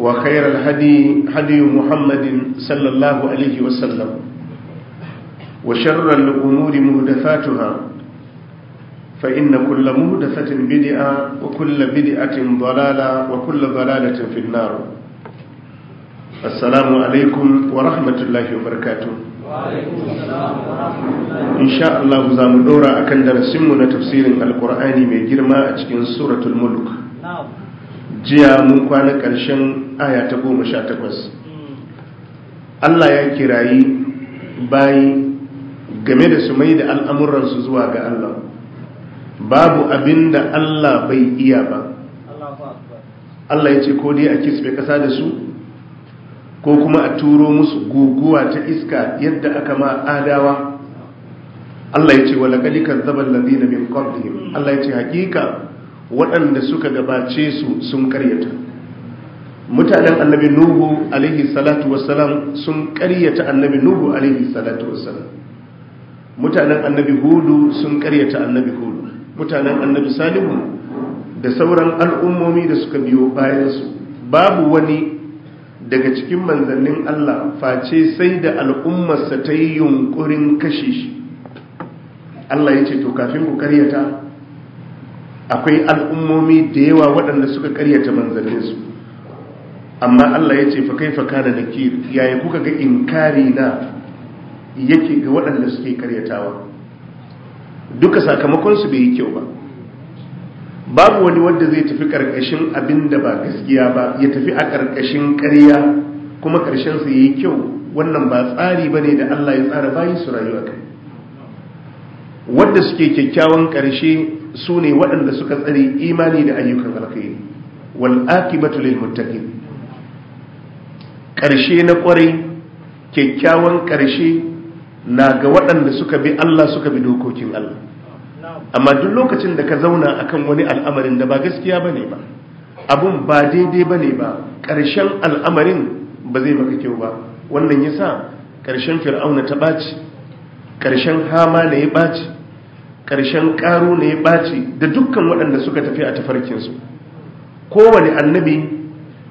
وخير الهدي هدي محمد صلى الله عليه وسلم وشر الأمور مهدفاتها فإن كل مهدفة بدئة وكل بدئة ضلالة وكل ضلالة في النار السلام عليكم ورحمة الله وبركاته وعليكم السلام ورحمة الله إن شاء الله زام دورا أكن درسمنا تفسير القرآن من جرما أجل سورة الملك نعم جاء من كان aya ta goma sha takwas hmm. Allah ya kirayi bayi game da su mai da al'amuransu zuwa ga Allah babu abin da Allah bai iya ba Allah ya ce ko dai a kisbe kasa da su ko kuma a turo musu guguwa ta iska yadda aka ma adawa Allah ya ce wa laƙali zaban ladina min qablihim Allah ya ce hakika waɗanda suka gabace su sun karyata mutanen annabi nuhu alaihi salatu wassalam sun karyata annabi nuhu alaihi salatu wassalam mutanen annabi hudu sun karyata annabi hudu mutanen annabi salihu da sauran al'ummomi da suka biyo bayansu babu wani daga cikin manzannin Allah face sai da al'ummarsa ta yi yunkurin kashe shi Allah yace to kafin ku karyata akwai al'ummomi da yawa waɗanda suka karyata manzanninsu amma Allah ya ce fa fa kana nakir yaya kuka ga inkari na yake ga waɗanda suke karyatawa duka sakamakon su bai yi kyau ba babu wani wanda zai tafi karkashin abin da ba gaskiya ba ya tafi a karkashin ƙarya kuma ƙarshen su yayi kyau wannan ba tsari bane da Allah ya tsara bayi su rayuwa kai wanda suke kyakkyawan ƙarshe su ne waɗanda suka tsare imani da ayyukan alkhairi wal akibatu lil muttaqin ƙarshe na ƙwarai kyakkyawan ƙarshe na ga waɗanda suka bi Allah suka bi dokokin Allah amma duk lokacin da ka zauna akan wani al'amarin da ba gaskiya ba ne ba abun ba daidai ba ne ba ƙarshen al'amarin ba zai maka kyau ba wannan ya sa ƙarshen fir'auna ta ɓaci ƙarshen hama na ya ɓaci ƙarshen ƙaru na ya ɓaci da dukkan waɗanda suka tafi a tafarkinsu kowane annabi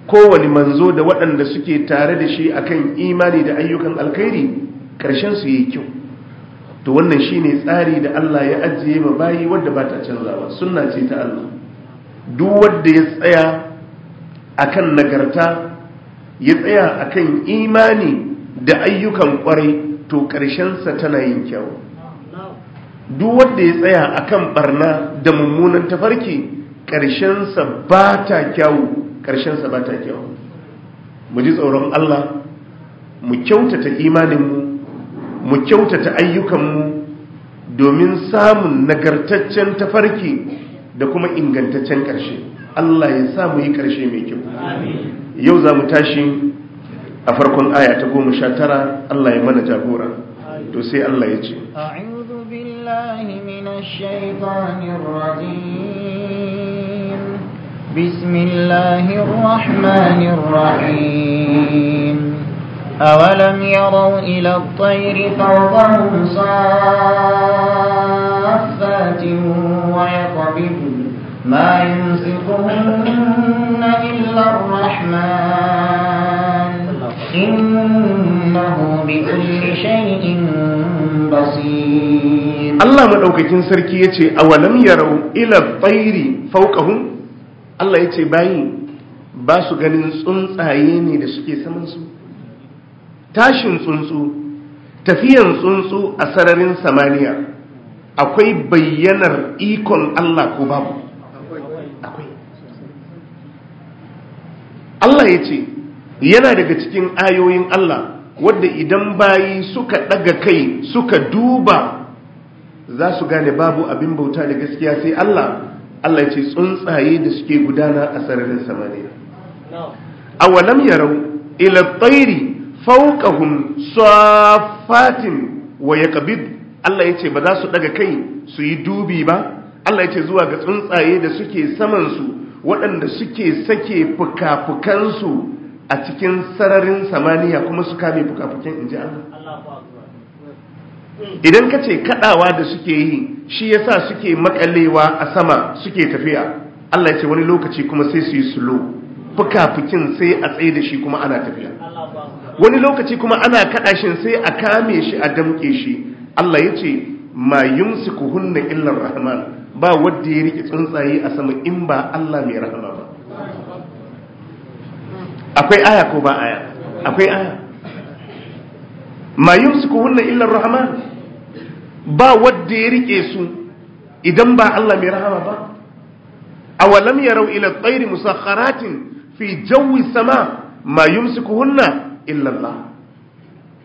kowane manzo da waɗanda suke tare da shi akan imani da ayyukan alkhairi ƙarshen su yi kyau to wannan shine tsari da Allah ya ajiye ma bayi wadda ba ta canzawa sunna ce ta Allah duk wanda ya tsaya akan nagarta ya tsaya akan imani da ayyukan ƙwarai, to ƙarshen sa tana yin kyau duk wanda ya tsaya akan barna da mummunan tafarki ƙarshen sa ba ta kyau sa ba ta kyau mu ji tsoron Allah mu kyautata imaninmu mu kyautata ayyukanmu domin samun nagartaccen tafarki da kuma ingantaccen ƙarshe Allah ya sa mu yi ƙarshe mai kyau yau za mu tashi a farkon aya ta goma sha tara Allah ya mana jagora to sai Allah ya ce a'udhu billahi minash بسم الله الرحمن الرحيم أولم يروا إلى الطير فوقهم صافات ويقبض ما يمسكهن إلا الرحمن إنه بكل شيء بصير الله مدوككين سركي يتي أولم يروا إلى الطير فوقهم Allah ya ce bayi ba su ganin tsuntsaye ne da suke samansu tashin tsuntsu tafiyan tsuntsu a sararin samaniya akwai bayyanar ikon Allah ko babu akwai Allah ya ce yana daga cikin ayoyin Allah wadda idan bayi suka daga kai suka duba za su gane babu abin bauta da gaskiya sai Allah Allah ce tsuntsaye da suke gudana a sararin samaniya awalam yarau ila tsairi Faukahun safatin wa yaqbid Allah ce ba za su daga kai su yi dubi ba Allah ya ce zuwa ga tsuntsaye da suke samansu waɗanda suke sake fuka-fukansu a cikin sararin samaniya kuma su kame fukafukin ji Allah idan ka ce kadawa da suke yi shi yasa suke makalewa a sama suke tafiya Allah ya ce wani lokaci kuma sai su yi fuka fukafukin sai a tsaye da shi kuma ana tafiya wani lokaci kuma ana kaɗa shi sai a kame shi a damke shi Allah ya ce ma yumsikuhunna illar rahman ba wanda ya rike tsuntsaye a sama in ba Allah mai rahama ba akwai aya ko ba aya akwai aya ma yumsikuhunna illa rahman ba wadda ya rike su idan ba Allah mai rahama ba awalam yarau ila tsairi musakharatin fi jawi sama ma yumsikuhunna illa Allah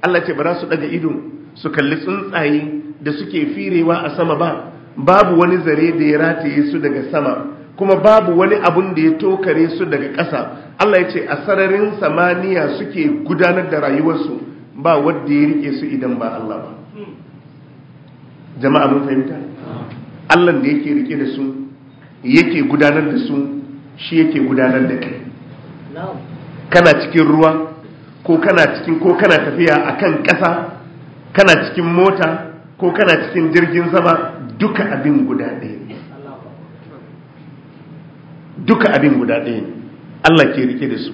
Allah ce ba za su daga ido su kalli tsuntsaye da suke firewa a sama ba babu wani zare da ya rataye su daga sama kuma babu wani abun da ya tokare su daga ƙasa Allah ya ce a sararin samaniya suke gudanar da rayuwarsu ba wadda ya rike su idan ba Allah ba jama'a mun fahimta Allah da yake rike da su yake gudanar da su shi yake gudanar da kai kana cikin ruwa ko kana cikin ko kana tafiya akan ƙasa kana cikin mota ko kana cikin jirgin sama duka abin guda ɗaya duka abin guda ɗaya Allah ke rike da su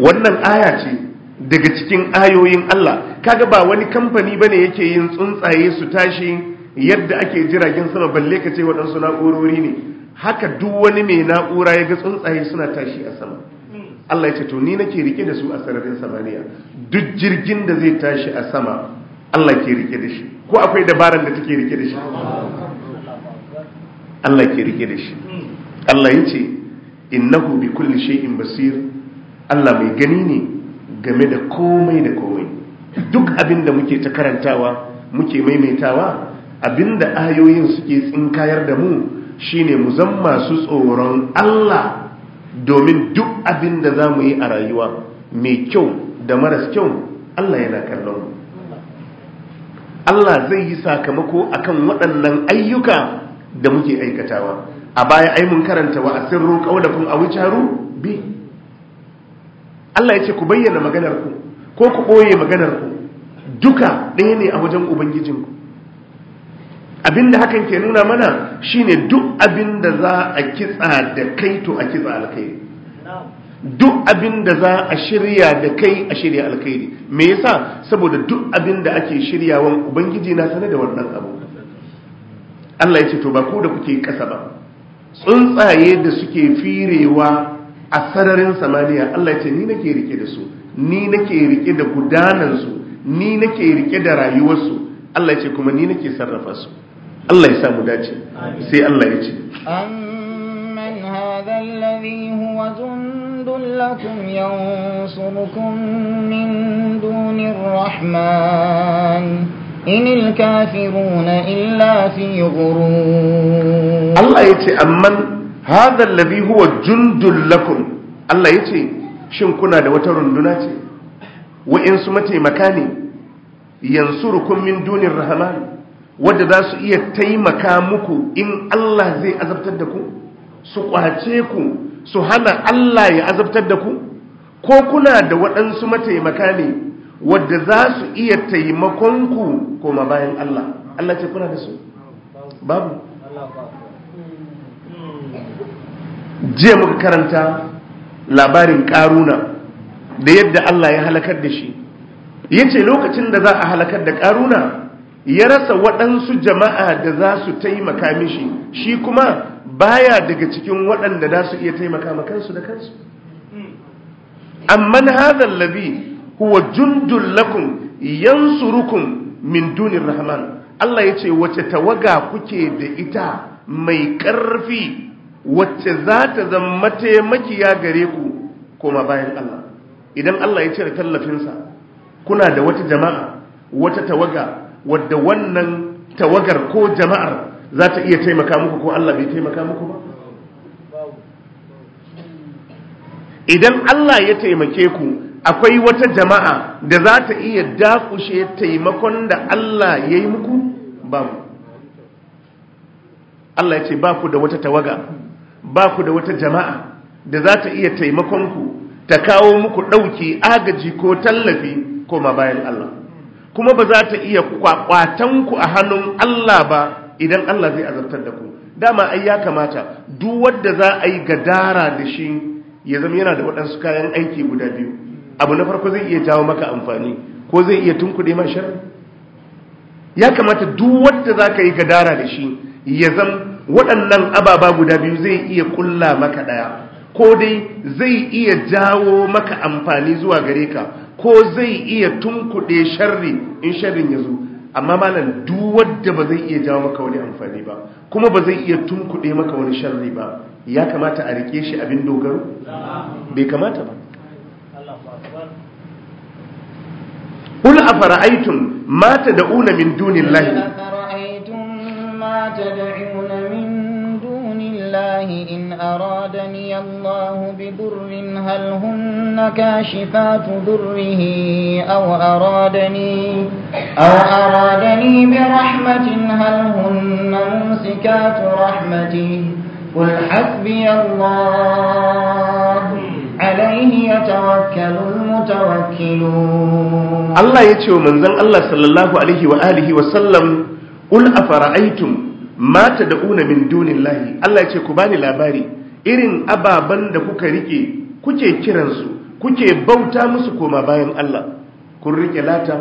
wannan aya ce daga cikin ayoyin Allah kaga ba wani kamfani bane yake yin tsuntsaye su tashi yadda ake jiragen sama balle ka ce waɗansu na'urori ne haka duk wani mai na'ura ya ga tsuntsaye suna tashi a sama Allah ya ce to ni nake rike da su a sararin samaniya duk jirgin da zai tashi a sama Allah ke rike da shi ko akwai dabaran da take rike da shi Allah ke rike da shi Allah ya ce innahu bi kulli shay'in basir Allah mai gani ne game da komai da komai duk abin da muke ta karantawa muke maimaitawa abin da ayoyin suke tsinkayar da mu shine mu zan masu tsoron Allah domin duk abin da za mu yi a rayuwa mai kyau da maras kyau Allah yana kallon mu Allah zai yi sakamako a kan waɗannan ayyuka da muke aikatawa a baya ai mun karanta wa asirru a aw bi Allah ya ce ku bayyana maganar ku ko ku ɓoye maganar ku duka ɗaya ne a wajen ubangijinku abinda hakan ke nuna mana shine duk abinda za a kitsa da kai to a kitsa alkhairi duk abinda za a shirya da kai a shirya alkhairi me yasa saboda duk abinda ake shiryawan ubangiji na sanar da wannan abu Allah ya ce to ba ku da kuke kasa ba tsuntsaye da suke firewa a sararin samaniya Allah ce ni nake rike da su ni nake rike da su ni nake rike da rayuwarsu Allah ce kuma ni nake sarrafa su Allah ya samu dace sai Allah ya ce amman hadha alladhi huwa jundun lakum yansurukum min dunir rahman in kafiruna illa fi ghurur Allah ya ce amman hadha alladhi huwa jundul lakum Allah yace shin kuna da wata runduna ce wa'insu mataimaka ne yansurukum min dunir rahman wadda za su iya taimaka muku in Allah zai azabtar da ku su kwace ku su hana Allah ya azabtar da ku ko kuna da waɗansu mataimaka ne wadda za su iya ku? koma bayan Allah Allah ce kuna da su babu jiya muka karanta labarin karuna da yadda Allah ya halakar da shi ya ce lokacin da za a halakar da karuna ya rasa waɗansu jama'a da za su taimaka mishi shi kuma baya daga cikin waɗanda za su iya taimaka makansu da kansu amma na hadhal labi huwa lakun yansu rukun min dunin rahman Allah ya ce wace tawaga kuke da ita mai ƙarfi wacce za ta zama taimakiya gare ku koma bayan Allah idan Allah ya cire tallafinsa kuna da wata jama'a wata tawaga wadda wannan tawagar ko jama'ar za ta iya taimaka muku ko Allah bai taimaka muku ba idan Allah ya taimake ku akwai wata jama'a da za ta iya dakushe taimakon da Allah ya yi muku ba Allah ya ce ba ku da wata tawaga ba ku da wata jama'a da za ta iya taimakonku ta kawo muku ɗauki agaji ko tallafi ko ma bayan Allah kuma ba za ta iya kwakwatanku a hannun Allah ba idan Allah zai azabtar da ku dama ai ya kamata duk wanda za a yi gadara da shi ya zama yana da waɗansu kayan aiki guda biyu abu na farko zai iya jawo maka amfani ko zai iya tunkuɗe ma shar ya kamata duk wadda za ka yi gadara da shi ya zama waɗannan ababa guda biyu zai iya kulla maka ɗaya ko dai zai iya jawo maka amfani zuwa gare ka ko zai iya tunkuɗe sharri in sharrin ya zo amma malam duk wadda ba zai iya jawo maka wani amfani ba kuma ba zai iya tunkuɗe maka wani sharri ba ya kamata a rike shi abin dogaro bai kamata ba قل أفرأيتم ما تدعون من دون الله ما تدعون اللَّهِ إِنْ أَرَادَنِيَ اللَّهُ بِضُرٍّ هَلْ هُنَّ كَاشِفَاتُ ضُرِّهِ أَوْ أَرَادَنِي أَوْ أَرَادَنِي بِرَحْمَةٍ هَلْ هُنَّ مُمْسِكَاتُ رَحْمَتِهِ قُلْ حَسْبِيَ اللَّهُ عليه يتوكل المتوكلون الله يتشو منزل الله صلى الله عليه وآله وسلم قل أفرأيتم mata da una min dunin lahi Allah ce ku bani labari irin ababan da kuka rike kuke kiransu kuke bauta musu koma bayan Allah kun rike lata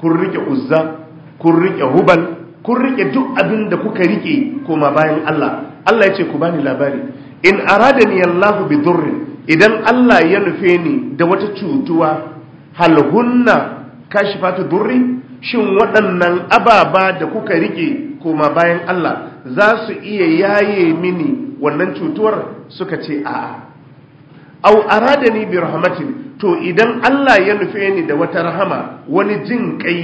kun rike uzza kun rike hubal kun rike duk abin da kuka rike koma bayan Allah Allah ya ce ku bani labari in aradani Allahu bi durrin idan Allah ya nufe ni da wata cutuwa halhunna kashifatu durri shin waɗannan ababa da kuka rike koma bayan Allah za su iya yaye mini wannan cutuwar suka ce a'a au aradani bi rahmatin to idan Allah ya nufe ni da wata rahama wani jin kai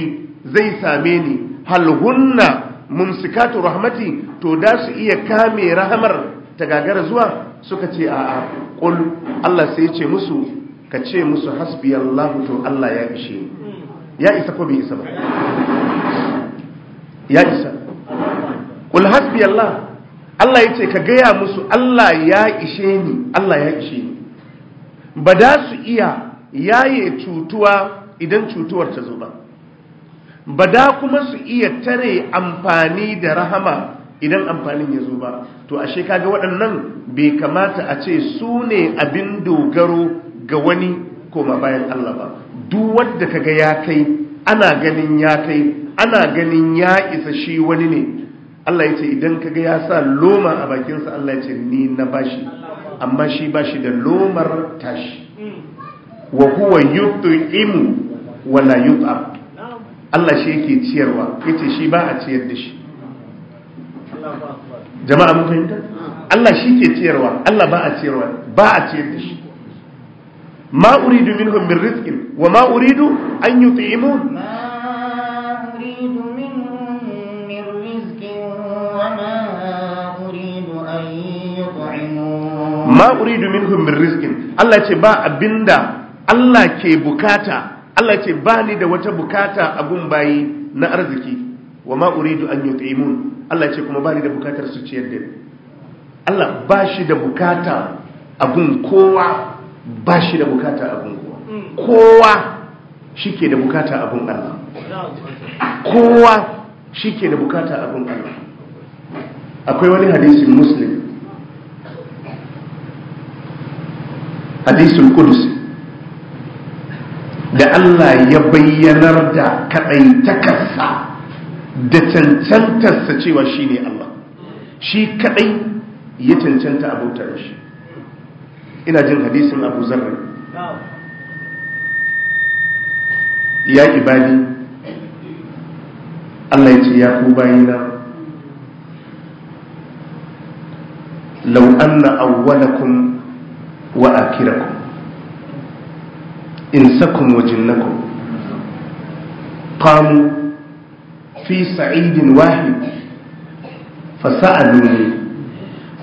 zai same ni halhunna hunna mumsikatu rahmati to da su iya kame rahamar ta gagara zuwa suka ce a'a qul Allah sai ya ce musu ka ce musu to Allah ya ishe ya isa ko bai isa ba ya isa kul hasbi Allah Allah yace ka gaya musu Allah ya ishe ni Allah ya ishe ni ba da su iya yaye cutuwa idan cutuwar ta zo ba ba da kuma su iya tare amfani da rahama idan amfanin ya zo ba to ashe kaga waɗannan bai kamata a ce su ne abin dogaro ga wani koma bayan Allah ba duk wanda kaga ya kai ana ganin ya kai ana ganin ya isa shi wani ne Allah ya ce idan kaga ya sa loma a bakinsa Allah ya ce ni na bashi amma shi bashi da lomar tashi wa huwa yut'imu wa la yut'am Allah shi yake ciyarwa yace shi ba a ciyar da shi jama'a mun fahimta Allah shi ke ciyarwa Allah ba a ciyarwa ba a ciyar da shi ma uridu minhum min rizqin wa ma uridu an yut'imun ma uridu minhum min rizqin Allah ce ba abinda Allah ke bukata Allah ce ba ni da wata bukata abun bayi na arziki wa ma uridu an yut'imun Allah ce kuma ba ni da bukatar su ciyar da Allah ba shi da bukata abun kowa ba shi da bukata abun kowa kowa shike da bukata abun Allah kowa shike da bukata abun Allah akwai wani hadisin muslim Hadisin Kudus da Allah ya bayyanar da kaɗaitakarsa da cancantarsa cewa shi ne Allah shi kaɗai ya cancanta abautar shi ina jin hadisin abu zarra ya ibadi Allah ya ce ya ku bayina lau anna awwalakum wa akirakum wajen na ku. qamu fi sa'idin wahid fasa'aluni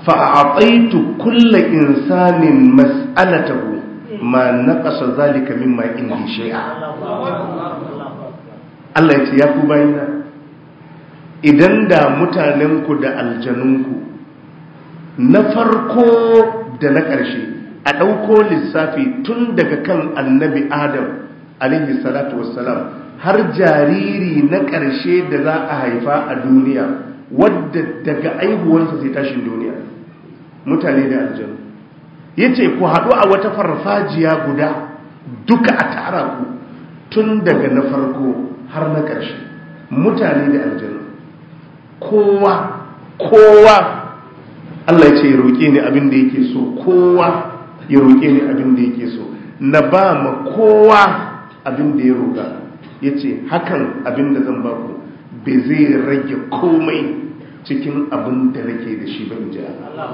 fa'a'taitu kulla insanin mas'alatahu ma naqasa zalika mimma indi shay'a Allah ya ce ya ku bayina idan da mutanenku da aljanunku na farko da na ƙarshe a ɗauko lissafi tun daga kan annabi adam alayhi salatu wassalam har jariri na ƙarshe da za a haifa a duniya wadda daga aihuwarsa sai tashin duniya mutane da aljanu ya ce ku haɗu a wata farfajiya guda duka a tara ku tun daga na farko har na ƙarshe mutane da aljanu kowa kowa Allah ya ce roƙe ni abin da yake so kowa ya roƙe ni abin da yake so na ba ma kowa abin da ya roƙa ya ce hakan abin da zan baku ba zai rage komai cikin abin da nake da shi ba in ji Allah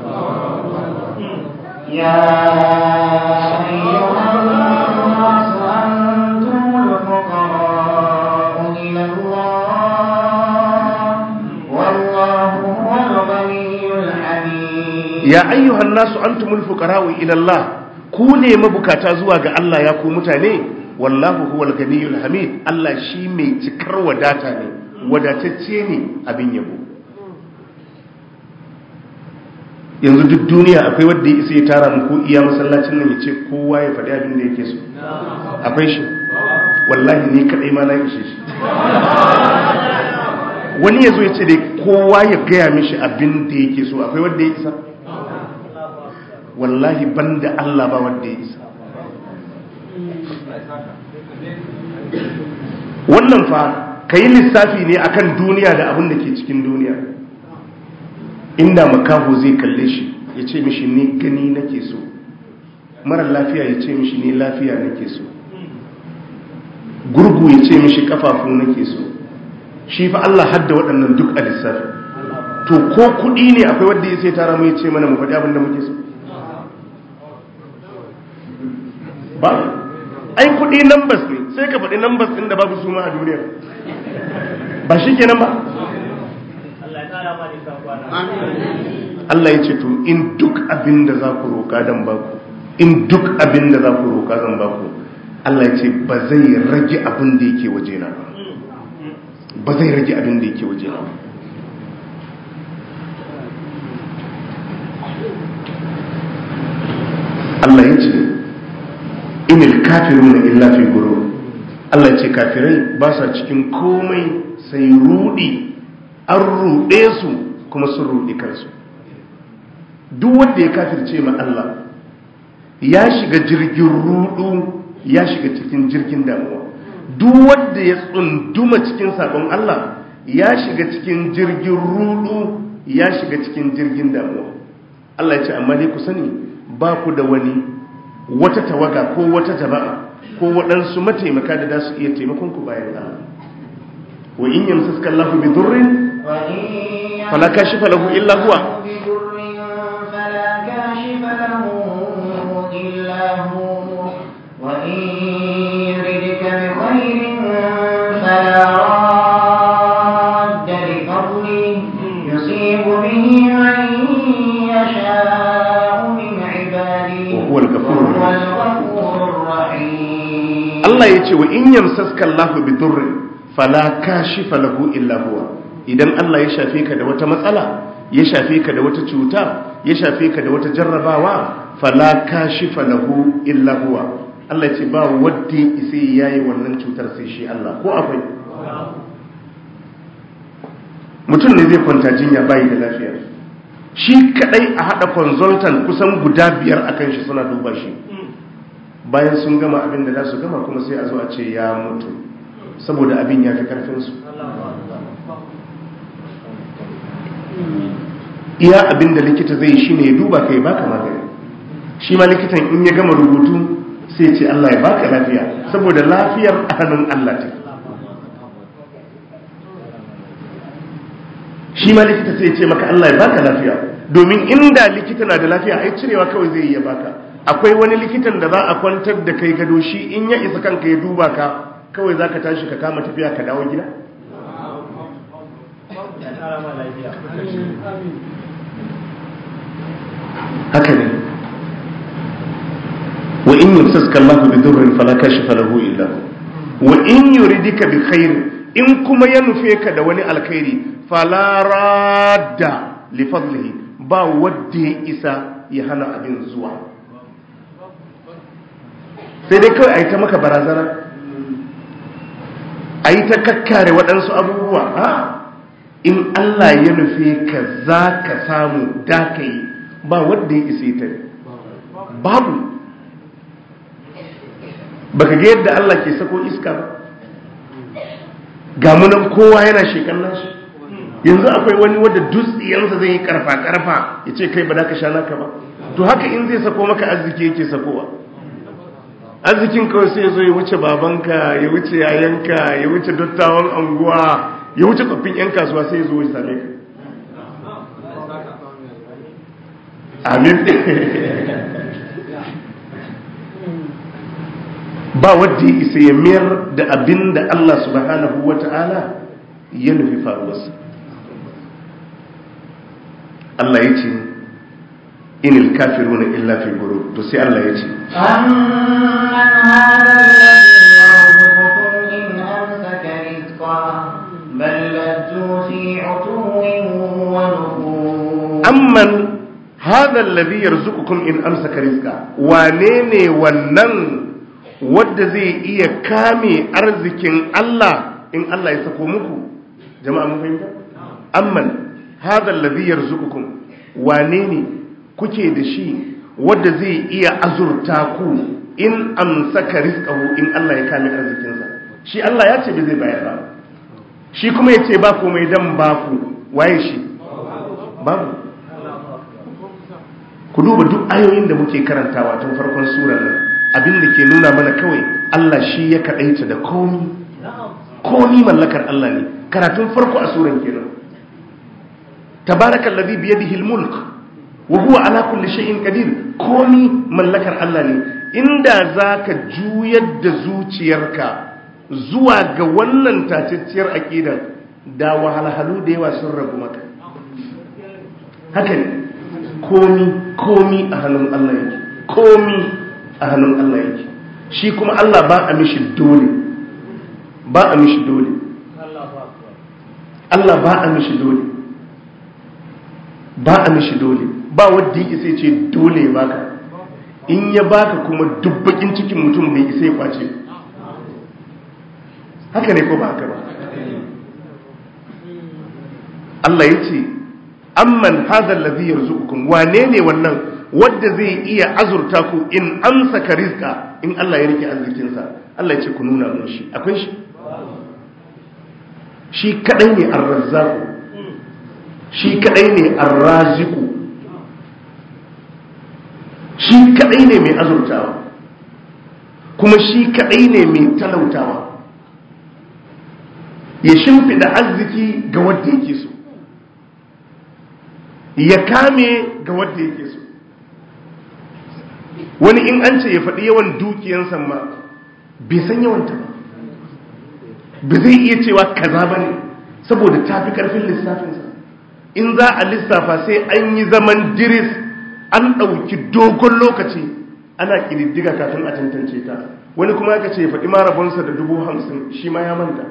ya ya ayyuhan nasu antumul fuqara'u ila Allah ku ne mabukata zuwa ga Allah ya ku mutane wallahu huwal ganiyul hamid Allah shi mai cikar wadata ne wadatacce ne abin yabo yanzu duk duniya akwai wanda yake isa ya tara mu ko iya masallacin nan ya ce kowa ya faɗi abin da yake so akwai shi wallahi ni kadai ma na ishe shi wani yazo ya ce dai kowa ya gaya mishi abin da yake so akwai wanda ya isa wallahi banda Allah ba wanda ya isa wannan fa ka yi lissafi ne akan duniya da abin da ke cikin duniya inda makaho zai kalle shi ya ce mishi ne gani nake so mara lafiya ya ce mishi ne lafiya nake so gurgu ya ce mishi kafafu nake so shi fa Allah hadda waɗannan duk a lissafi to ko kuɗi ne akwai wanda ya sai tara mu ya ce mana mu faɗi abin da muke so ba ai kudi numbers ne sai ka faɗi numbers ɗin da babu su ma a duniya ba shi kenan ba Allah ya ce to in duk abin da za ku roƙa dan baku in duk abin da za ku roƙa zan baku Allah ya ce ba zai rage abin da yake waje na ba ba zai rage abin da yake waje na Allah ya ce inil kafiruna illa fi guru Allah ce kafirai ba sa cikin komai sai rudi an rude su kuma sun rudi kansu duk wanda ya kafirce ma Allah ya shiga jirgin rudu ya shiga cikin jirgin damuwa duk wanda ya tsunduma cikin sabon Allah ya shiga cikin jirgin rudu ya shiga cikin jirgin damuwa Allah ya ce amma dai ku sani ba ku da wani wata tawaga ko wata jama'a ko waɗansu mataimaka da za su iya taimakon ku bayan da wa in yamsaskallahu bi durrin fala kashifa lahu illa huwa ce wa in yamsaska Allahu bi durrin fala kashifa lahu illa huwa idan Allah ya shafe ka da wata matsala ya shafe ka da wata cuta ya shafe ka da wata jarrabawa fala kashifa lahu illa huwa Allah ce ba wanda isai yayi wannan cutar sai shi Allah ko akwai mutum ne zai kwanta jinya bayi da lafiya shi kadai a hada consultant kusan guda biyar akan shi suna duba shi bayan sun gama abin da za su gama kuma sai a zo a ce ya mutu saboda abin ya fi karfinsu iya abin da likita zai shi ne duba kai baka magani shi ma likitan in ya gama rubutu sai ce Allah ya baka lafiya saboda lafiyar hannun Allah ta shi ma likita sai ce maka Allah ya baka lafiya domin inda likita na da lafiya ai cirewa kawai zai yi ya baka akwai wani likitan da za a kwantar da kai gado shi in ya isa kanka ya duba ka kawai za ka tashi ka kama tafiya ka dawo gida haka ne wa in yamsaska Allahu bi dhurrin fala shi falahu ila wa in yuridika bi khairu in kuma ya nufe ka da wani alkhairi fala radda ba wadda ya isa ya hana abin zuwa sai dai kawai a yi ta maka barazana a yi ta kakkare waɗansu abubuwa ha in Allah ya nufi ka za ka samu da ka yi ba wadda ya isa ta babu baka ga yadda Allah ke sako iska ba ga nan kowa yana shekan nasu yanzu akwai wani wadda dutsiyansa zai yi karfa karfa ya ce kai ba da ka sha naka ba to haka in zai sako maka arziki yake sakowa arzikin kawai sai zo ya wuce babanka ya wuce yayanka ya wuce dattawan anguwa ya wuce tsoffin yan kasuwa sai zo ya same ka amin ba wadda ya isa ya mayar da abin da Allah subhanahu wa ta'ala ya nufi faruwarsa Allah ya ce in alkafiruna illa fi guru to sai Allah ya ce amman hada alladhi yarzuqukum in amsaka rizqa amman in wane ne wannan wanda zai iya kame arzikin Allah in Allah ya sako muku jama'a mun fahimta amman hada alladhi yarzuqukum wane ne kuke da shi wadda zai iya azurta ku in amsaka rizqahu in Allah ya kame arzikinsa shi Allah ya ce zai bayar ba shi kuma ya ce ba komai dan ba ku waye shi babu ku duba duk ayoyin da muke karantawa tun farkon surar nan abin da ke nuna mana kawai Allah shi ya kaɗaita da komi komi mallakar Allah ne karatun farko a suran kenan tabarakallazi biyadihi almulk wa huwa ala kulli shay'in komi mallakar Allah ne inda zaka juyar da zuciyarka zuwa ga wannan tacicciyar aqidan da wahalhalu da yawa sun rabu maka haka ne komi komi a hannun Allah yake komi a hannun Allah yake shi kuma Allah ba a mishi dole ba a mishi dole Allah ba a mishi dole ba a mishi dole ba wadda yake isa ce dole ya baka in ya baka kuma dubbakin cikin mutum mai isa ya kwace haka ne ko ba haka ba Allah ya ce amman hazal ladhi yarzuqukum wane ne wannan wadda zai iya azurta ku in amsaka rizqa in Allah ya rike arzikinsa Allah ya ce ku nuna mun shi akwai shi shi kadai ne arrazzaku shi kadai ne arraziku shi kaɗai ne mai azurtawa kuma shi kaɗai ne mai talautawa ya shimfida arziki ga wadda yake so ya kame ga wadda yake so wani in an ce ya faɗi yawan dukiyan ma bai san yawanta ba ba zai iya cewa kaza ba ne saboda tafi karfin lissafinsa in za a lissafa sai an yi zaman diris an ɗauki dogon lokaci ana ƙididdiga kafin a tantance ta wani kuma ya ce faɗi ma rabonsa da dubu hamsin shi ma ya manta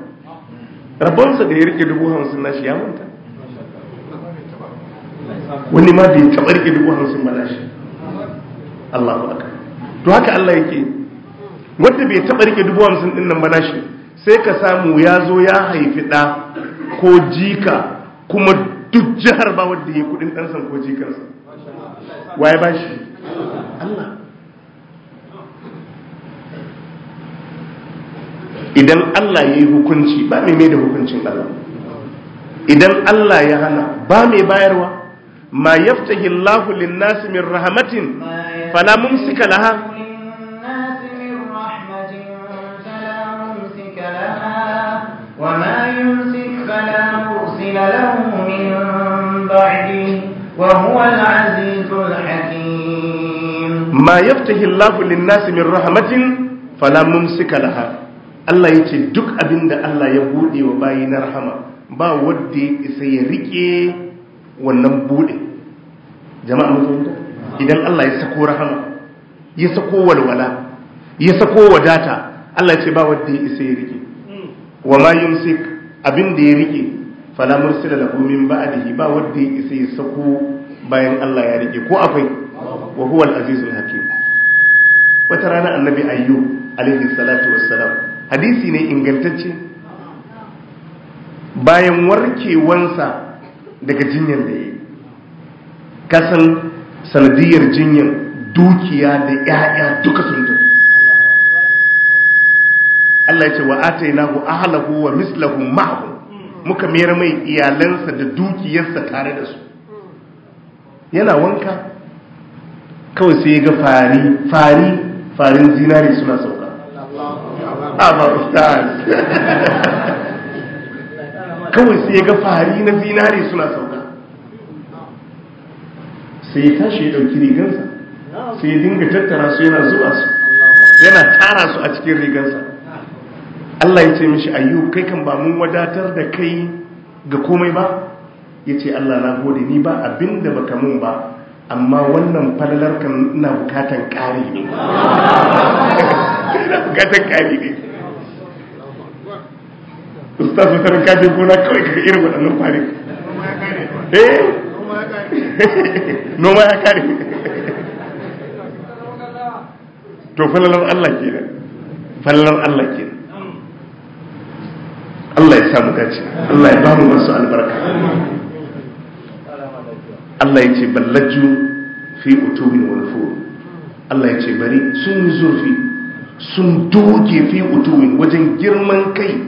rabonsa da ya rike dubu hamsin na shi ya manta wani ma bai taɓa rike dubu hamsin ba na shi Allah ba to haka Allah yake wanda bai taɓa rike dubu hamsin ɗin nan ba na shi sai ka samu ya zo ya haifi ɗa ko jika kuma duk jihar ba wanda ya kuɗin ɗansa ko jikarsa waye ba shi Allah idan Allah ya yi hukunci ba mai mai da hukuncin Allah idan Allah ya hana ba mai bayarwa ma yaftahi Allahu lin-nasi min rahmatin fala mumsika laha وما يمسك فلا مرسل له من بعده وهو العزيز الحكيم ما يفتح الله للناس من رحمة فلا ممسك لها Allah ya ce duk abin da Allah ya buɗe wa bayi na rahama ba wadda ya isa ya riƙe wannan buɗe jama'a mutunta idan Allah ya sako rahama ya sako walwala ya sako wadata Allah ya ce ba wadda ya isa ya riƙe. wa ma yumsik abin da ya riƙe. fala mursila lahu min ba'dihi ba wanda ya isa ya sako bayan Allah ya rike ko akwai wa huwa al-azizul hakim wata rana annabi ayyu alaihi salatu wassalam hadisi ne ingantacce bayan warkewansa daga jinyar da yayi kasan sanadiyar jinyar dukiya da 'ya'ya duka sun tafi Allah ya ce wa atainahu ahlahu wa mislahu ma'ahu muka mera mai iyalansa da dukiyarsa tare da su yana wanka kawai sai ya ga fari fari farin zinari suna sauka kawai sai ya ga fari na zinari suna sauka sai ya tashi ya ɗauki rigansa sai ya dinga tattara su yana zuwa su yana tara su a cikin rigansa Allah ya ce mishi ayyub kai kan ba mun wadatar da kai ga komai ba ya ce Allah na gode ni ba abin da baka mun ba amma wannan falalar kan ina bukatan ƙari ne ina bukatan ƙari ne ustaz mutarin kajin gona kawai kaga irin waɗannan kwari eh noma ya kare to falalar Allah kenan falalar Allah kenan Allah ya samu dace Allah ya ba mu masu albarka Allah ya ce ballaju fi utubin wa nufur Allah ya ce bari sun yi zurfi sun doge fi utubin wajen girman kai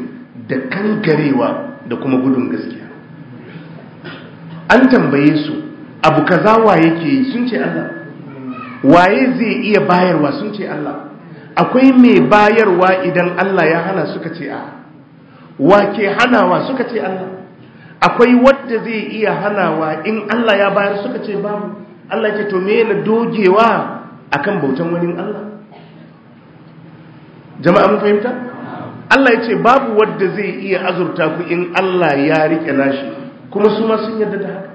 da kankarewa da kuma gudun gaskiya an tambaye su abu kaza waye yake yi sun ce Allah waye zai iya bayarwa sun ce Allah akwai mai bayarwa idan Allah ya hana suka ce a'a wake hanawa suka ce Allah akwai wadda zai iya hanawa in Allah ya bayar suka ce babu Allah ke to me na dogewa akan bautan wani Allah jama'a mun fahimta Allah ya ce babu wadda zai iya azurta ku in Allah ya riƙe nashi kuma su ma sun yarda da haka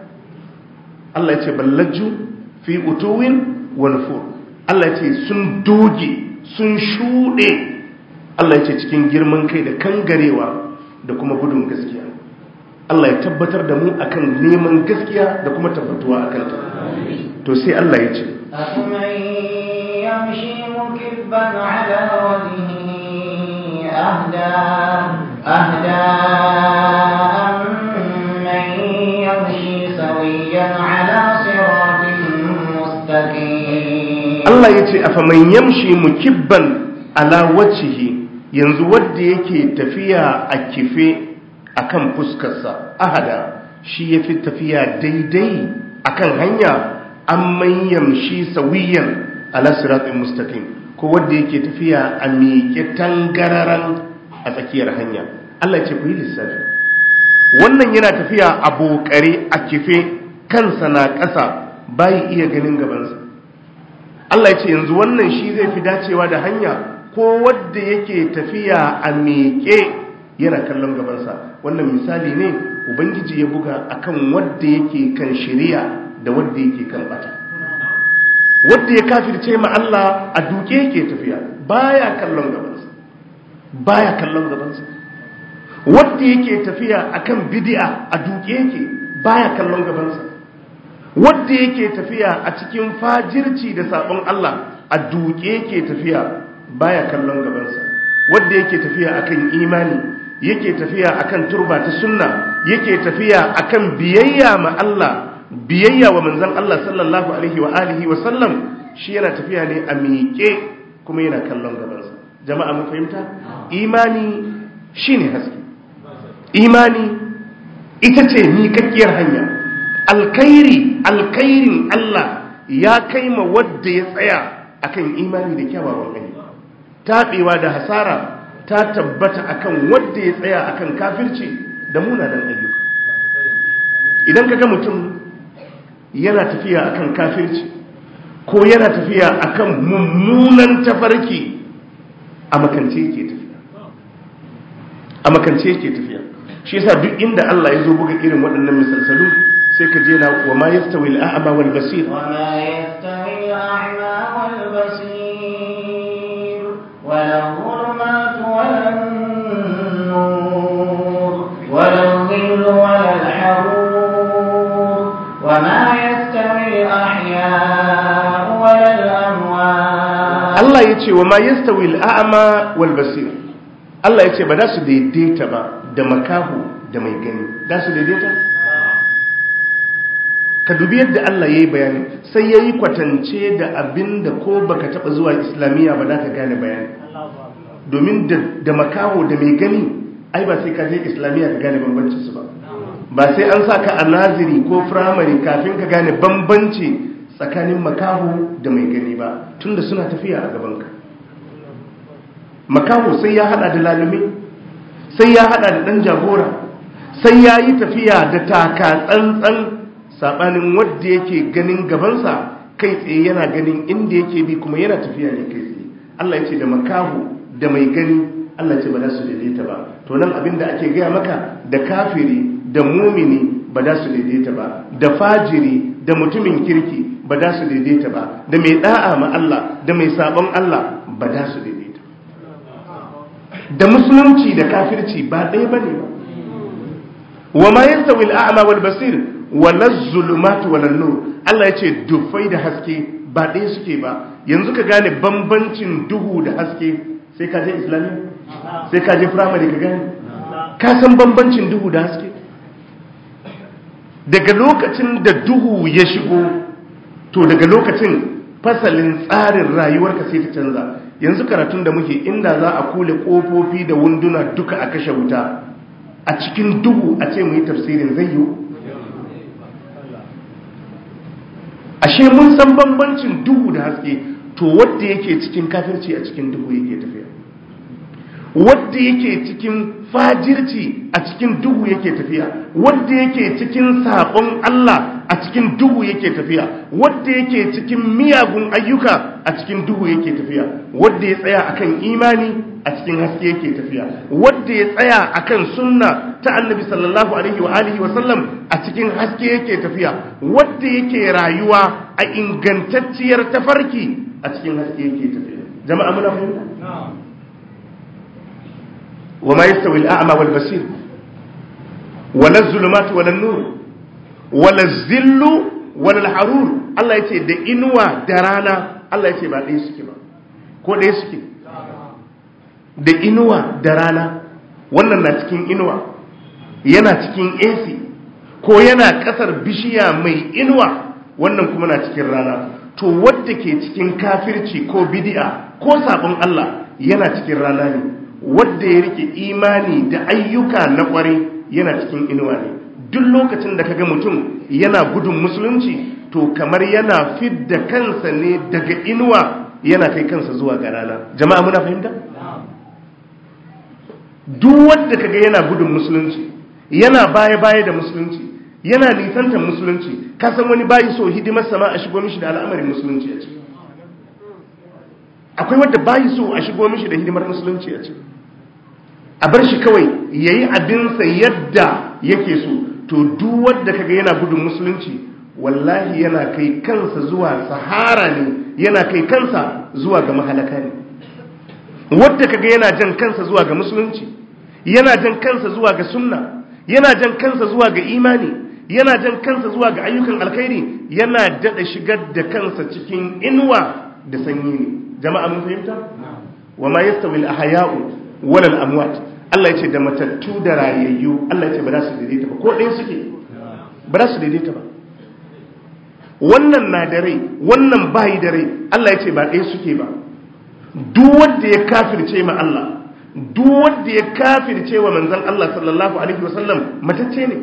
Allah ya ce ballaju fi utuwin wa Allah ya ce sun doge sun shuɗe Allah ya ce cikin girman kai da kangarewa da kuma gudun gaskiya Allah ya tabbatar da mu akan neman gaskiya da kuma tabbatuwa akan ta to sai Allah ya ce Allah ya ce a faman yamshi mukibban ala wacihi yanzu wadda yake tafiya a kife a kan fuskarsa ahada shi ya fi tafiya daidai a kan hanya an manyan shi sawiyan alasiratun mustafin. ko wadda yake tafiya a miƙe tangararan a tsakiyar hanya Allah ce ku yi lissafi wannan yana tafiya a bokare a kife kansa na ƙasa bayi iya ganin gabansa Allah ce yanzu wannan shi zai fi dacewa da hanya ko wadda yake tafiya a miƙe yana kallon gabansa wannan misali ne ubangiji ya buga akan wadda yake kan shari'a da wadda yake kan bata wadda ya kafirce ma Allah a duke yake tafiya baya kallon gabansa baya kallon gabansa wadda yake tafiya akan bid'a a duke yake baya kallon gabansa wadda yake tafiya a cikin fajirci da sabon Allah a duke yake tafiya baya kallon gabansa wanda yake tafiya akan imani yake tafiya akan turba ta sunna yake tafiya akan biyayya ma Allah biyayya wa manzon Allah sallallahu alaihi wa alihi wa sallam shi yana tafiya ne a miƙe kuma yana kallon gabansa jama'a mun fahimta imani shine haske imani ita ce miƙaƙƙiyar hanya alkhairi alkhairin Allah ya kai ma wadda ya tsaya akan imani da kyawawan taɓewa da hasara ta tabbata akan wanda ya tsaya akan kafirci da munanan ayyuka idan kaga mutum yana tafiya akan kafirci ko yana tafiya akan mummunan tafarki a makance yake tafiya a makance yake tafiya shi yasa duk inda Allah ya zo buga irin waɗannan misalsalu sai ka je na wa ma yastawi al-a'ma wal basir wa ma yastawi al-a'ma wal basir ولا الظلمات ولا النور ولا الظل ولا الحرور وما الله يتي وما يستوي الأعمى والبصير Allah ya ce ba za su daidaita ba da makahu da mai gani za su daidaita? ka dubi yadda Allah ya yi bayani sai ya yi kwatance da abin da ko baka taba zuwa islamiyya ba za ka gane bayani domin da makaho da mai gani ai ba sai ka je islamiyya ka gane bambancin su ba ba sai an sa ka a naziri ko firamare kafin ka gane bambanci tsakanin makaho da mai gani ba tunda suna tafiya a gabanka makaho sai ya hada da lalumi sai ya hada da dan jagora sai ya yi tafiya da taka tsantsan saɓanin wadda yake ganin gabansa kai tsaye yana ganin inda yake bi kuma yana tafiya ne kai tsaye Allah ya ce da makaho da mai gani Allah ce ba za su daidaita ba to nan abin da ake gaya maka da kafiri da mumini ba za su daidaita ba da fajiri da mutumin kirki ba za su daidaita ba da mai da'a ma Allah da mai sabon Allah ba za su daidaita da musulunci da kafirci ba ɗaya bane ba wa ma yastawi al-a'ma wal basir wala zulumatu wala nur Allah yace dufai da haske ba ɗaya suke ba yanzu ka gane bambancin duhu da haske sai ka je islamiyya sai ka je firamare ka gani ka san bambancin duhu da haske daga lokacin da duhu ya shigo to daga lokacin fasalin tsarin rayuwarka sai ta canza yanzu karatun da muke inda za a kule kofofi da wunduna duka a kashe wuta a cikin duhu a ce mu tafsirin zai yiwu ashe mun san bambancin duhu da haske to wadda yake cikin kafirci a cikin duhu yake tafiya wadda yake cikin fajirci a cikin duhu yake tafiya wadda yake cikin saƙon Allah a cikin duhu yake tafiya wadda yake cikin miyagun ayyuka a cikin duhu yake tafiya wadda ya tsaya akan imani a cikin haske yake tafiya wadda ya tsaya akan sunna ta annabi sallallahu alaihi wa alihi wa sallam a cikin haske yake tafiya wadda yake rayuwa a ingantacciyar tafarki a cikin haske yake tafiya jama'a muna fahimta وما يستوي الأعمى والبصير ولا الظلمات ولا النور ولا الذل ولا الحرور الله يتي da inuwa da rana Allah yace ba dai suke ba ko dai suke da inuwa da rana wannan na cikin inuwa yana cikin AC ko yana ƙasar bishiya mai inuwa wannan kuma na cikin rana to wadda ke cikin kafirci ko bidi'a ko sabon Allah yana cikin rana ne wadda ya rike imani da ayyuka na kware yana cikin inuwa ne duk lokacin da kaga mutum yana gudun musulunci to kamar yana fidda kansa ne daga inuwa yana kai kansa zuwa ga rana jama'a muna fahimta duk wanda kaga yana gudun musulunci yana baya baya da musulunci yana nisantar musulunci kasan wani bayi so hidimar sama a shigo mishi da al'amarin musulunci a ciki akwai wadda bayi so a shigo mishi da hidimar musulunci a ciki a bar shi kawai ya yi abinsa yadda yake so to duk da kaga yana gudun musulunci wallahi yana kai kansa zuwa sahara ne yana kai kansa zuwa ga mahalaka ne wanda kaga yana jan kansa zuwa ga musulunci yana jan kansa zuwa ga sunna yana jan kansa zuwa ga imani yana jan kansa zuwa ga ayyukan alkhairi yana dada shigar da kansa cikin inuwa da sanyi ne jama'a mun fahimta wa ma yastawi al-ahya'u walal amwat Allah ya ce da matattu da rayayyu Allah ya ce ba za su daidaita ba ko ɗaya suke ba za su daidaita ba wannan na da rai wannan bayi da rai Allah ya ce ba ɗaya suke ba duk wanda ya kafirce ma Allah duk wanda ya kafirce wa manzon Allah sallallahu alaihi wasallam matacce ne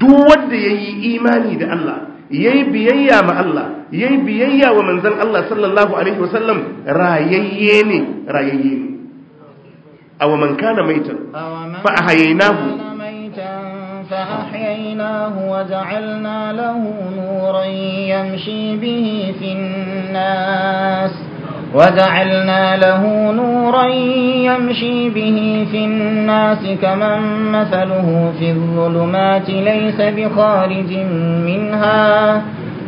duk wanda yayi imani da Allah yayi biyayya ma Allah yayi biyayya wa manzon Allah sallallahu alaihi wasallam rayayye ne rayayye ne أو من كان ميتا فأحييناه فأحييناه وجعلنا له نورا يمشي به في الناس وجعلنا له نورا يمشي به في الناس كمن مثله في الظلمات ليس بخارج منها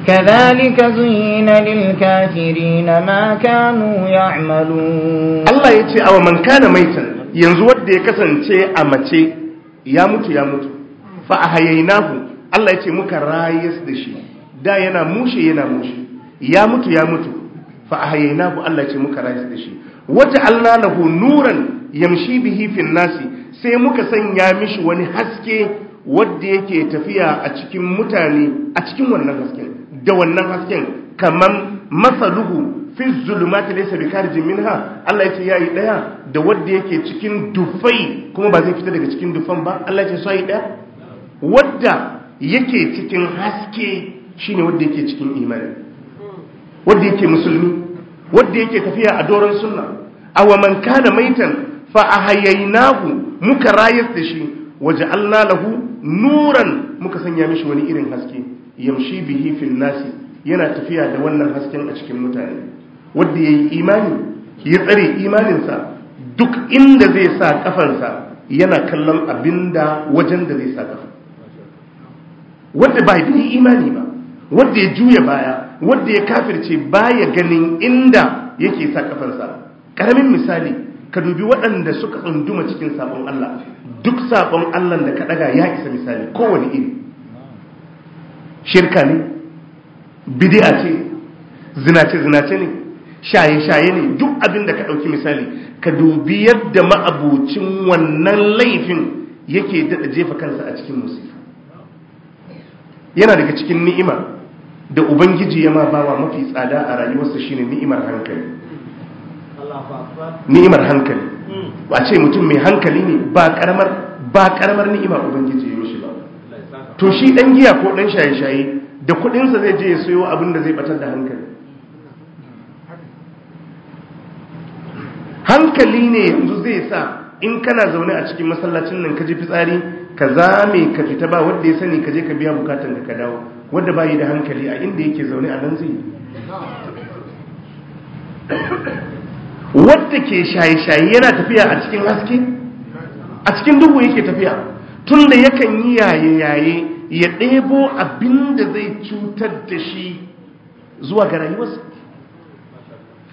كذلك زين للكافرين ما كانوا يعملون الله يتي أو من كان ميتا yanzu wadda ya kasance a mace ya mutu ya mutu fa a ahayainahu Allah ya ce muka rayas da shi da yana mushe yana mushe ya mutu ya mutu fa a ahayainahu Allah ya ce muka rayas da shi Wata lahu nuran yamshi bihi fil nasi sai muka sanya mishi wani haske wadda yake tafiya a cikin mutane a cikin wannan hasken da wannan hasken kaman masaluhu fi zulumati laysa karjin minha Allah yace yayi daya da wanda yake cikin dufai kuma ba zai fita daga cikin dufan ba Allah yace sai daya wanda yake cikin haske shine wanda yake cikin imani wanda yake musulmi wanda yake tafiya a doron sunna aw man kana maitan fa ahyaynahu muka rayar da shi waja'alna lahu nuran muka sanya mishi wani irin haske yamshi bihi fil nasi yana tafiya da wannan hasken a cikin mutane wanda ya yi imani ya tsare imaninsa duk inda zai sa kafansa yana kallon abinda wajen da zai sa kafa wanda ba yi imani ba wanda ya juya baya wadda ya kafirce baya ganin inda yake sa kafansa karamin misali ka dubi waɗanda suka tsunduma cikin sabon Allah duk sabon Allah da ka ɗaga ya isa misali kowane iri shirka ne bidiya ce zinace zinace ne shaye shaye ne duk abin da ka ɗauki misali ka dubi yadda ma'abucin wannan laifin yake dada jefa kansa a cikin musifa yana daga cikin ni'ima da ubangiji ya ma bawa mafi tsada a rayuwarsa shine ni'imar hankali ni'imar hankali ba ce mutum mai hankali ne ba karamar ba karamar ubangiji ya shi ba to shi dan giya ko dan shaye-shaye da kudinsa zai je ya soyo abin da zai batar da hankali hankali ne yanzu zai sa in kana zaune a cikin masallacin nan ka ji fitsari ka zame ka fita ba wanda ya sani ka je ka biya bukatan da ka dawo wanda bayi da hankali a inda yake zaune a nan zai wadda ke shaye-shaye yana tafiya a cikin haske a cikin duhu yake tafiya tun da yakan yi yaye-yaye ya ɗebo abin da zai cutar da shi zuwa ga rayuwarsa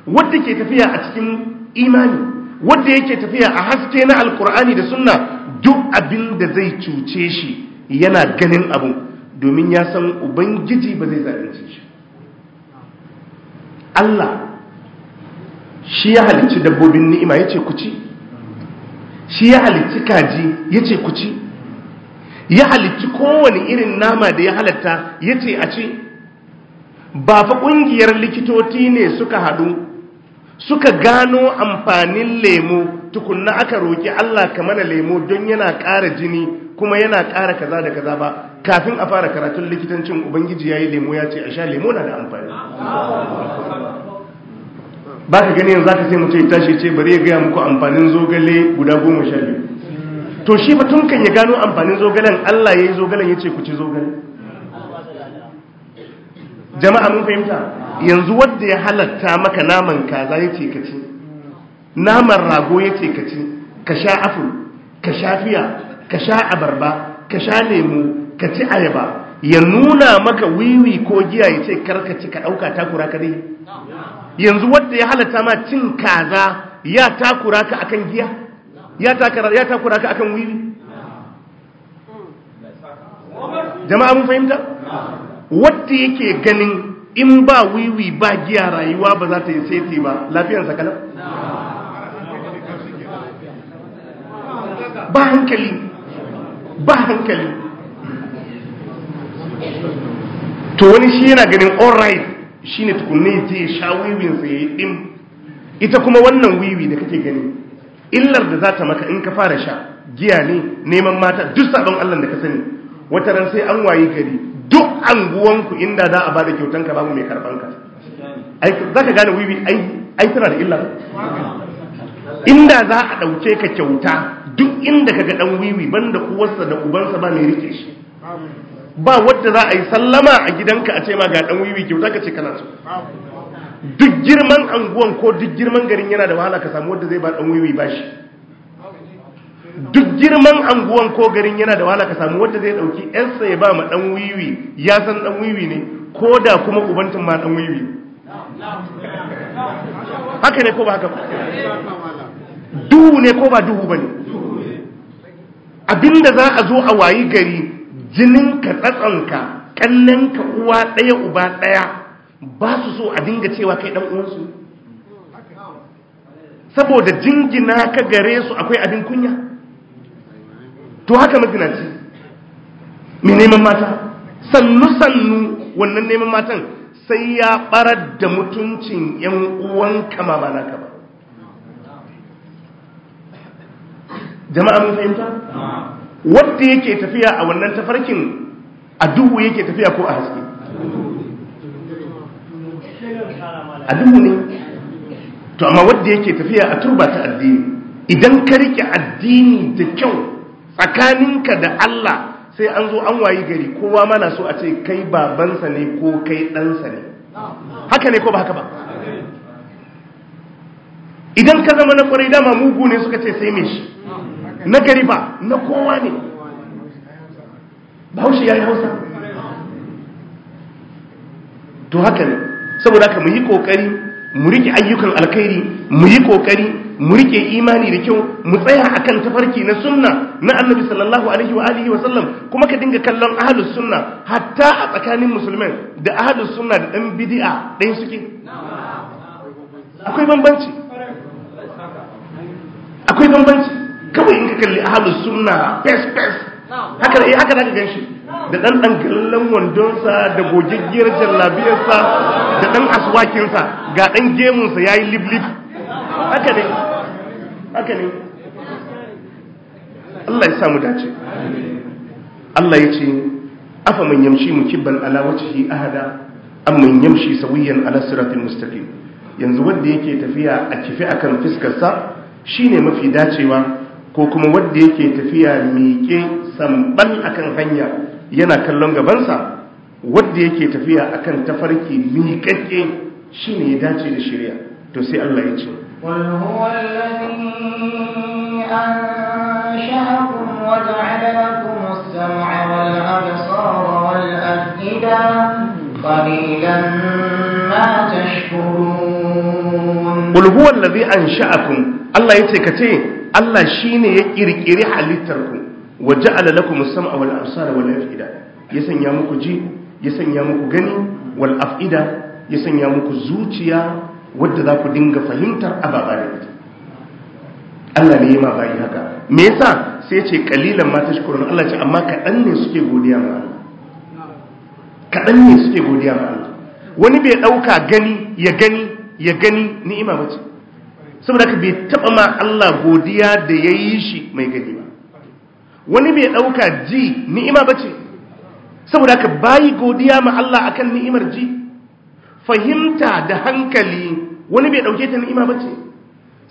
wadda ke tafiya a cikin imani wadda yake tafiya a haske na alkur'ani da sunna duk abin da zai cuce shi yana ganin abu domin ya san ubangiji ba zai zalunce shi Allah shi ya halicci dabbobin ni'ima yace ku ci shi ya halicci kaji yace ku ci ya halicci kowane irin nama da ya halatta ya ce a ce ba fa ƙungiyar likitoci ne suka haɗu suka gano amfanin lemo tukunna aka roƙi Allah ka mana lemo don yana ƙara jini kuma yana ƙara kaza da kaza ba kafin a fara karatun likitancin ubangiji ya yi lemo ya ce a sha lemo na da amfani ba ka gani yanzu aka sai mutum ya tashi ce bari ya gaya muku amfanin zogale guda goma sha biyu to shi fa tun kan ya gano amfanin zogalen Allah ya yi zogalen ya ce ku ci zogale jama'a mun fahimta yanzu wadda ya halatta maka naman kaza ya ce ka ci naman rago ya ce ka ci ka sha afur ka sha fiya ka sha abarba ka sha lemu ka ci ayaba ya nuna maka wiwi ko giya ya ce karkaci ka ɗauka takura ka dai yanzu wadda ya halatta ma cin kaza ya takura ka akan giya ya takura ka akan wili jama'a mun fahimta wadda yake ganin in ba wiwi ba giya rayuwa ba za ta yi seti ba lafiyan sakala ba hankali ba hankali to wani shi yana ganin all right shi ne tukunne zai sha wiwinsa ya yi din ita kuma wannan wiwi da kake gani illar da za ta maka in ka fara sha giya ne neman mata duk sabon Allah da ka sani wata ran sai an wayi gari duk anguwanku inda za a bada kyautanka babu mai karban ka za ka gane wiwi ai tana da illa inda za a ɗauke ka kyauta duk inda ka ga ɗan wiwi banda kuwarsa da ubansa ba mai rike shi ba wadda za a yi sallama a gidanka a ce ma ga ɗan wiwi kyauta ka ce kana so duk girman anguwan ko duk girman garin yana da wahala ka samu wanda zai ba dan wiwi bashi duk girman anguwan ko garin yana da wahala ka samu wanda zai dauki sa ya ba ma dan wiwi ya san dan wiwi ne ko da kuma ubantin ma dan wiwi haka ne ko ba haka duhu ne ko ba duhu bane abinda za a zo a wayi gari jinin ka tsatsanka kallon ka uwa daya uba daya ba su so a dinga cewa kai dan uwansu saboda jingina ka gare su akwai abin kunya to haka mazinaci mai neman mata sannu sannu wannan neman matan sai ya barar da mutuncin yan uwan kama ba naka ba jama'a mun fahimta wanda yake tafiya a wannan tafarkin a duhu yake tafiya ko a haske a ne to amma wadda yake tafiya a turba ta addini idan ka rike addini da kyau tsakaninka da Allah sai an zo an wayi gari kowa mana so a ce kai babansa ne ko kai ɗansa ne haka ne ko ba haka ba idan ka zama na kwarai dama mugu ne suka ce sai me shi na gari ba na kowa ne bahaushe ya yi hausa to haka ne saboda ka mu yi kokari mu rike ayyukan alkhairi mu yi kokari mu rike imani da kyau mu tsaya akan tafarki na sunna na annabi sallallahu alaihi wa alihi wa sallam kuma ka dinga kallon ahlus sunna hatta a tsakanin musulmai da ahlus sunna da dan bid'a dai suke akwai bambanci akwai bambanci kawai in ka kalli ahlus sunna pes pes haka da eh, haka zaka ganshi da dan dan gallan wandonsa da jallabiyar sa da dan sa ga dan gemunsa yayi lip haka ne haka ne Allah ya samu dace Allah ya ce afa man yamshi mukibban ala wajhi ahada am man yamshi sawiyan ala siratil mustaqim yanzu wanda yake tafiya a kifi akan fiskar sa shine mafi dacewa ko kuma wanda yake tafiya miƙe samban akan hanya yana kallon gabansa wadda yake tafiya akan tafarki miƙaƙe shi ne ya dace da shirya to sai Allah ya ce وجعل لكم السمع والأبصار قل هو الذي أنشأكم الله يتكتي الله شيني يكيري wa ja'ala lakum as-sam'a wal absara wal af'ida ya sanya muku ji ya sanya muku gani wal af'ida ya sanya muku zuciya wadda za ku dinga fahimtar ababa da ita Allah ne ma bayi haka me yasa sai ce kalilan ma tashkurun Allah ce amma kaɗan ne suke godiya ma kaɗan ne suke godiya ma wani bai ɗauka gani ya gani ya gani ni'ima ce saboda ka bai taɓa ma Allah godiya da ya yi shi mai gani ba wani bai ɗauka ji ni'ima ba ce saboda ka bayi godiya ma Allah akan ni'imar ji fahimta da hankali wani bai ɗauke ta ni'ima ba ce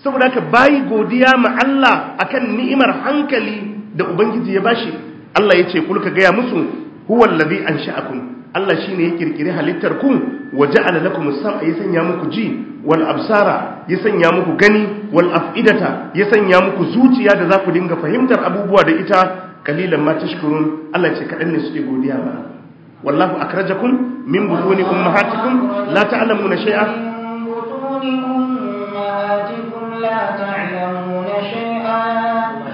saboda ka bayi godiya ma Allah akan ni'imar hankali da ubangiji ya bashi Allah ya ce kulka gaya musu huwa allazi ansha'akum Allah shi ne ya kirkiri halittar ku waje alalakun musamman ya sanya muku ji wal absara ya sanya muku gani wal af'idata ya sanya muku zuciya da za ku dinga fahimtar abubuwa da ita kalilan ma tashkurun Allah ce kaɗan ne suke godiya ba wallahu akrajakum min butuni ummahatikum la ta'lamuna shay'a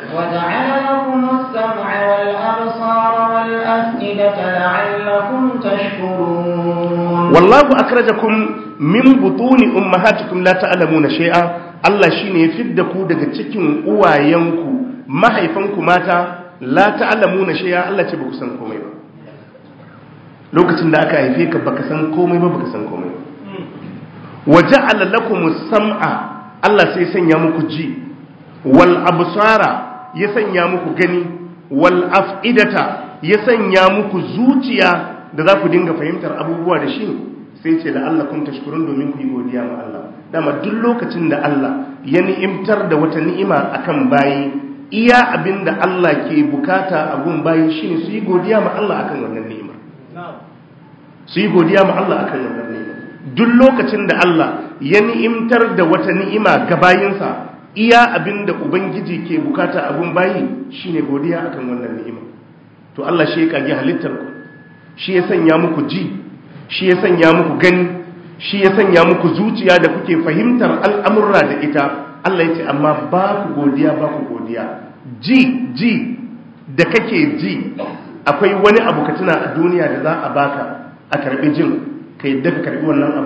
وجعل لكم السمع والأبصار والأفئدة لعلكم تشكرون والله أخرجكم من بطون أمهاتكم لا تعلمون شيئا Allah shi ne ya da ku daga cikin uwayenku mahaifanku mata la ta'alamu na shaya Allah ce ba ku san komai ba lokacin da aka haife ka ba ka san komai ba ba ka san komai ba wa ja'ala lakum sam'a Allah sai sanya muku ji wal absara ya sanya muku gani wal af'idata ya sanya muku zuciya da za ku dinga fahimtar abubuwa da shi sai ce kun tashkurun domin ku yi godiya ma Allah dama duk lokacin da Allah ya ni'imtar da wata ni'ima akan bayi iya abinda Allah ke bukata a gun bayi shine su yi godiya ma Allah akan wannan ni'imar. su yi godiya ma Allah akan wannan ni'imar. duk lokacin da Allah ya ni'imtar da wata ni'ima ga bayinsa iya abinda ubangiji ke bukata a gun bayi shine godiya akan wannan ni'imar. to Allah shi ya kage halittar ku shi ya sanya muku ji shi ya sanya muku gani shi ya sanya muku zuciya da kuke fahimtar al'amurra da ita Allah ya ce amma ba ku godiya ba ku godiya ji ji da kake ji akwai wani abu ka tuna a duniya da za a baka a karbi jin ka yadda ka karbi wannan abu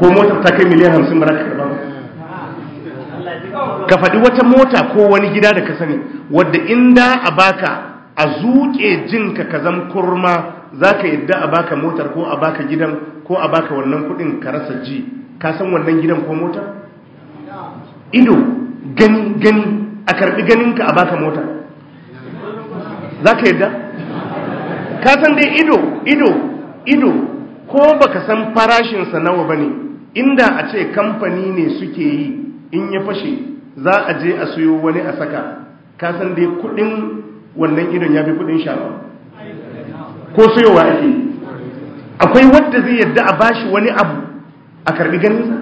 ko motar ta kai miliyan hamsin ba ka karba ka faɗi wata mota ko wani gida da ka sani wadda inda a baka a zuƙe jinka ka zam kurma za ka yadda a baka motar ko a baka gidan ko a baka wannan kudin ka rasa ji ka san wannan gidan ko motar? ido gani gani a karbi ganinka a baka mota za ka yadda? ka san dai ido ido ido ko baka san farashinsa nawa ba ne inda a ce kamfani ne suke yi in ya fashe za a je a suyo wani a saka ka san dai kudin wannan idon ya fi kudin shafa. ko sayowa ake akwai wadda zai yadda a bashi wani abu a karbi ganinsa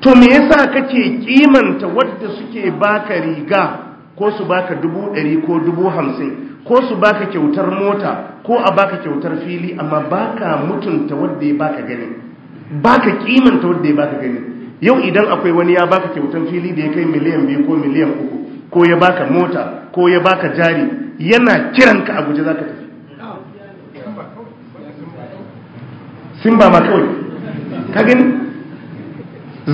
to me yasa kake kimanta wadda suke baka riga ko su baka dubu ɗari ko dubu hamsin ko su baka kyautar mota ko a baka kyautar fili amma baka mutunta wadda ya baka gani baka kimanta wadda ya baka gani yau idan akwai wani ya baka kyautar fili da ya kai miliyan biyu ko miliyan uku ko ya baka mota ko ya baka jari yana kiranka a guje za ka tafi sun ba ma ka gani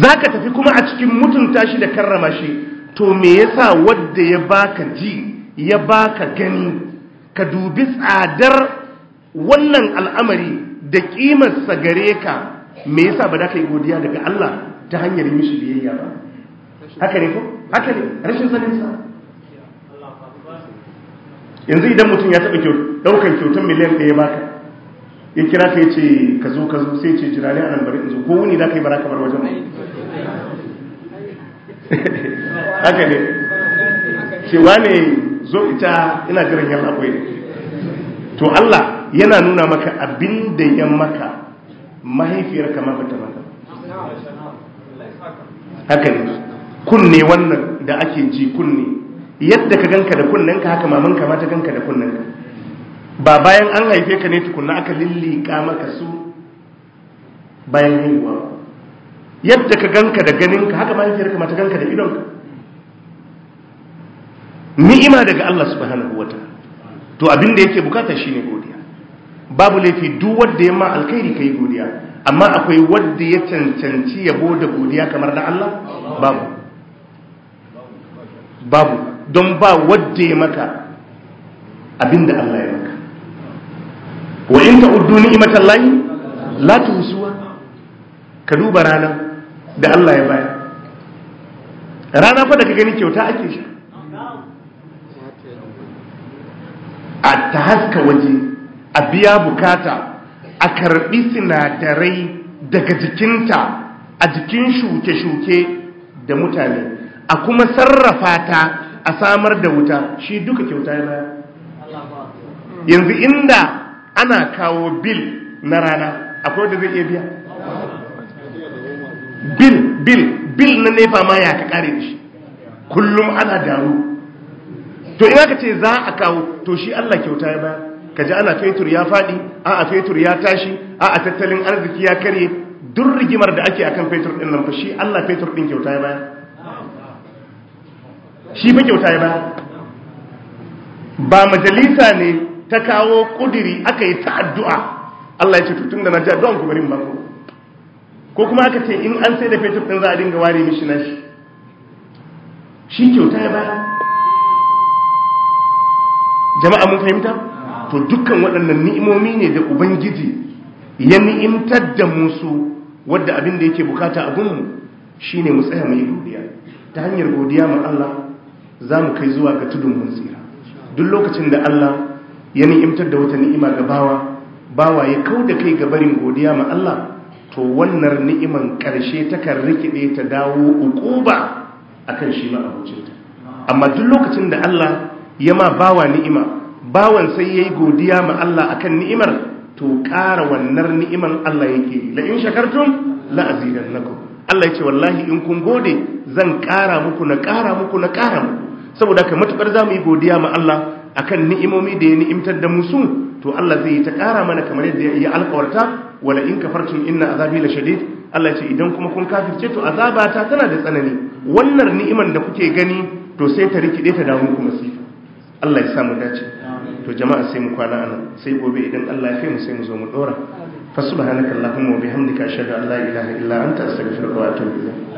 za ka tafi kuma a cikin mutunta shi da karrama shi to me yasa wadda ya baka ji ya baka gani ka dubi tsadar wannan al'amari da kimarsa gare ka me yasa ba da ka yi godiya daga Allah ta hanyar mishi biyayya ba haka ne ko haka ne rashin sanin sa yanzu idan mutum ya taɓa ɗaukan kyautar miliyan ɗaya baka ya kira ka ya ce ka zo ka zo sai ce jira ne a nan bari in zo ko wuni za ka yi bara kamar wajen haka ne cewa ne zo ita ina jiran yan akwai to Allah yana nuna maka abin da ya maka mahaifiyar kama bata maka haka ne kunne wannan da ake ji kunne yadda ka ganka da kunnenka haka mamanka ma ta ganka da kunnenka ba bayan an haife ka ne tukunna aka lillika maka su bayan haihuwa yadda ka ganka da ganinka haka mahaifiyarka ma ta ganka da idonka ni'ima daga Allah subhanahu wata to abin da yake bukata shine godiya babu laifi duk wanda ya ma alkhairi kai godiya amma akwai wanda ya cancanci yabo da godiya kamar da Allah babu babu don ba wadda ya maka abinda Allah ya maka wa in ta'uddu Allah la tuhsuha ka duba rana da Allah ya bayar rana fa da ka gani kyauta ake shi a ta haska waje a biya bukata a karbi sinadarai daga jikinta a jikin shuke-shuke da mutane a kuma sarrafa ta a samar da wuta shi duka kyauta ya baya. yanzu inda ana kawo bil na rana akwai da zai iya biya bil bil bil na nefa ma ya ka kare shi kullum ana daru to in aka ce za a kawo to shi Allah kyauta ya baya. ka ji ana fetur ya faɗi a a fetur ya tashi a a tattalin arziki ya karye duk rigimar da ake akan fetur ɗin nan shi Allah fetur ɗin kyauta ya baya. shi ba kyauta ya ba majalisa ne ta kawo kudiri aka yi ta addu'a Allah ya ce tutun da na ji addu'an ku bari ba ko kuma aka ce in an sai da fetur ɗin za a dinga ware mishi na shi shi kyauta ya ba jama'a mun fahimta to dukkan waɗannan ni'imomi ne da ubangiji ya ni'imtar da musu wadda abin da yake bukata a gunmu shine mu tsaya mu yi godiya ta hanyar godiya ma Allah za mu kai zuwa ga tudun mun tsira duk lokacin da Allah ya ni'imtar da wata ni'ima ga bawa bawa ya kau da kai ga barin godiya ma Allah to wannan ni'iman ƙarshe takan rikide ta dawo ukuba akan shi ma amma duk lokacin da Allah ya ma bawa ni'ima bawan sai yayi godiya ma Allah akan ni'imar to ƙara wannan ni'iman Allah yake la in shakartum la azidannakum Allah ya ce wallahi in kun gode zan ƙara muku na ƙara muku na ƙara muku saboda ka matukar za mu yi godiya ma Allah a kan ni'imomi da ya ni'imtar da musu to Allah zai yi ta ƙara mana kamar yadda ya alƙawarta wala in kafartum inna azabi la shadid Allah ce idan kuma kun kafirce to azabata tana da tsanani wannan ni'iman da kuke gani to sai ta rikide ta dawo muku masifa Allah ya sa mu dace to jama'a sai mu kwana anan sai gobe idan Allah ya fi mu sai mu zo mu dora fa subhanakallahumma wa bihamdika ashhadu an la ilaha illa anta astaghfiruka wa atubu ilayk